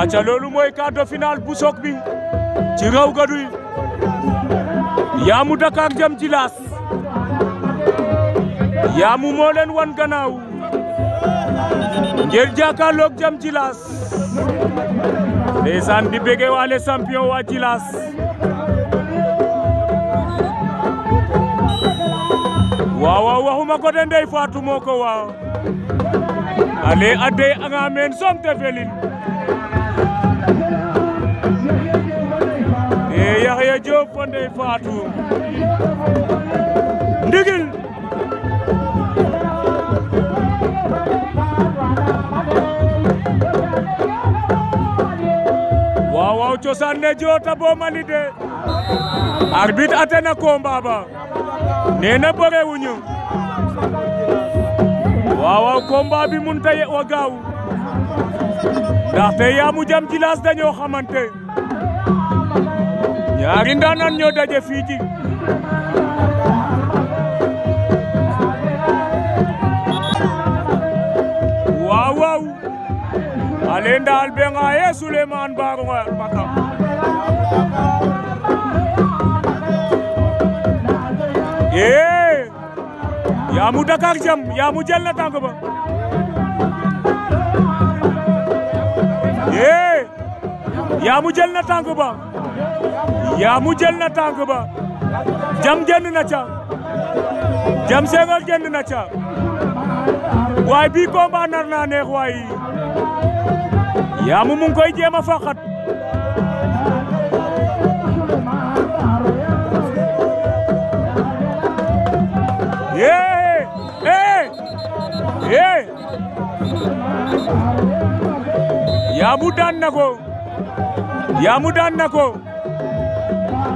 aca loolu mooy quart de bu soog bi ci raw gaduy Yamou Dakar jëm Djilass Yamou moo leen wan gannaaw ngir jàkkaarloog jëm Djilass ndeysaan di bége waale champion waa Djilass waaw waaw waxuma ko de ko waaw ale ade anga men som te felin Ndiaye Diop fo Ndeye ndigil waaw cosaan ne joota bo mali de arbitre ate na combat ba nee na bëre wuñu waaw waaw bi mun ta wa gaaw ndaxte Yamou Diam Djilass dañoo xamante ñaari ndaanaan ñoo daje fii ci waaw ale ndaal be nga ye Souleymane Baaro nga maka ee yaa mu Dakar yaa mu jël na tànk ba ee yaa mu jël na tànk ba या मुझे न टांग बा जम जन नचा जम से गल जन नचा वाई बी को बानर ना ने वाई या मु मुं कोई जे मफाकत या मुदान नको या मुदान नको